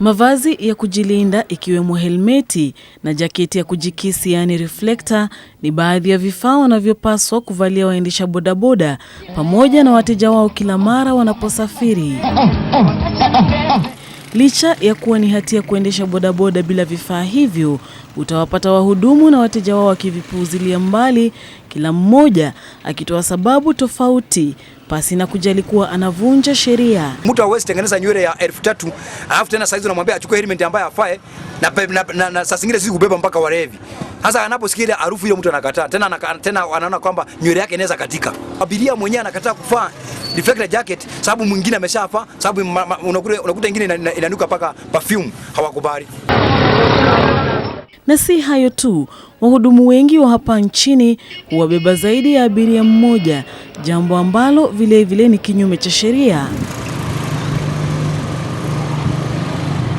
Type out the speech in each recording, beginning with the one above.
Mavazi ya kujilinda ikiwemo helmeti na jaketi ya kujikisi yaani reflector ni baadhi ya vifaa wanavyopaswa kuvalia waendesha bodaboda pamoja na wateja wao kila mara wanaposafiri. Licha ya kuwa ni hatia kuendesha bodaboda bila vifaa hivyo, utawapata wahudumu na wateja wao wakivipuuzilia mbali, kila mmoja akitoa sababu tofauti pasi na kujali kuwa anavunja sheria. Mtu hawezi tengeneza nywele ya elfu tatu alafu tena saizi unamwambia achukue helmet ambayo afae, na, na, na, na saa zingine sisi kubeba mpaka walevi. Sasa anaposikia ile harufu hiyo, mtu anakataa tena, tena anaona kwamba nywele yake inaweza katika. Abiria mwenyewe anakataa kuvaa reflector jacket sababu mwingine ameshafa, sababu unakuta ingine inanuka paka perfume, hawakubali. Na si hayo tu, wahudumu wengi wa hapa nchini huwabeba zaidi ya abiria mmoja, jambo ambalo vilevile vile ni kinyume cha sheria.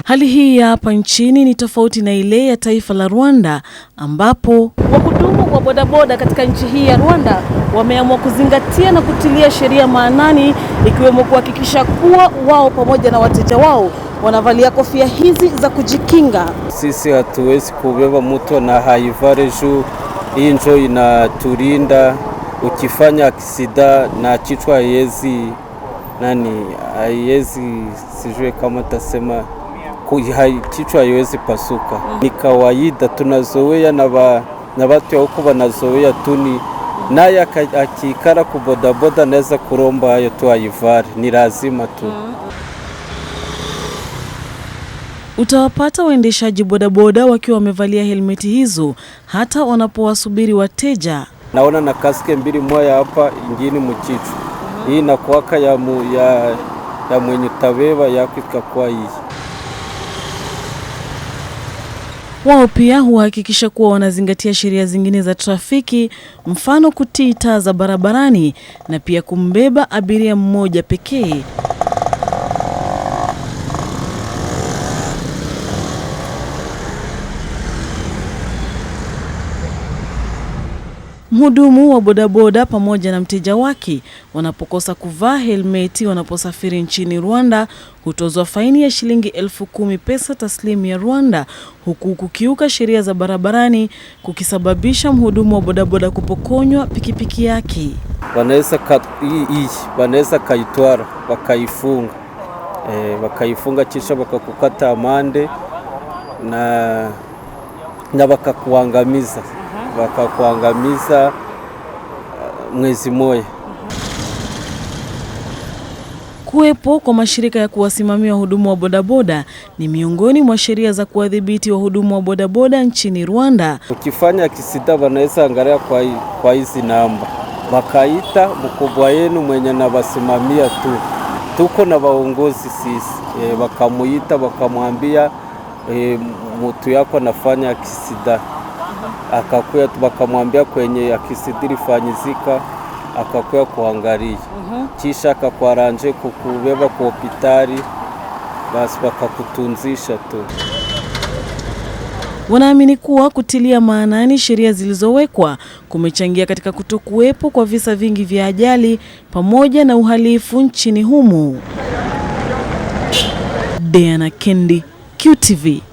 Hali hii ya hapa nchini ni tofauti na ile ya taifa la Rwanda ambapo wahudumu wa bodaboda katika nchi hii ya Rwanda wameamua kuzingatia na kutilia sheria maanani, ikiwemo kuhakikisha kuwa wao pamoja na wateja wao wanavalia kofia hizi za kujikinga. Sisi hatuwezi kubeba mtu na haivare juu hii inaturinda, ukifanya aksida na kichwa haiwezi nani, haiwezi sijue kama tasema kichwa haiwezi pasuka mm. Ni kawaida tunazoea na ba, na watu huko wanazoea tuni naye akikara kubodaboda naweza kuromba hayo tu aivare, ni lazima tu mm. Utawapata waendeshaji bodaboda wakiwa wamevalia helmeti hizo hata wanapowasubiri wateja. Naona na kaske mbili, moya hapa ingine mukichwa, hii nakuaka ya, mu, ya, ya mwenye tabeba yako ikakuwa hii Wao pia huhakikisha kuwa wanazingatia sheria zingine za trafiki, mfano kutii taa za barabarani na pia kumbeba abiria mmoja pekee Mhudumu wa bodaboda pamoja na mteja wake wanapokosa kuvaa helmeti wanaposafiri nchini Rwanda hutozwa faini ya shilingi elfu kumi pesa taslimu ya Rwanda, huku kukiuka sheria za barabarani kukisababisha mhudumu wa bodaboda kupokonywa pikipiki yake. Wanaweza kaitwara wakaifunga, e, wakaifunga kisha wakakukata amande na, na wakakuangamiza wakakuangamiza uh, mwezi moja. Kuwepo kwa mashirika ya kuwasimamia wahudumu wa bodaboda ni miongoni mwa sheria za kuwadhibiti wahudumu wa bodaboda nchini Rwanda. Ukifanya kisida, wanaweza angalia kwa hizi namba, wakaita mkubwa yenu mwenye nawasimamia tu, tuko na waongozi sisi e, wakamuita wakamwambia e, mutu yako anafanya kisida akakuya bakamwambia kwenye akisidiri fanyizika akakuya kuangalia mm -hmm. Kisha akakwaranje kukubeba ku hospitali, basi wakakutunzisha tu. Wanaamini kuwa kutilia maanani sheria zilizowekwa kumechangia katika kutokuwepo kwa visa vingi vya ajali pamoja na uhalifu nchini humu. Diana Kendi, QTV.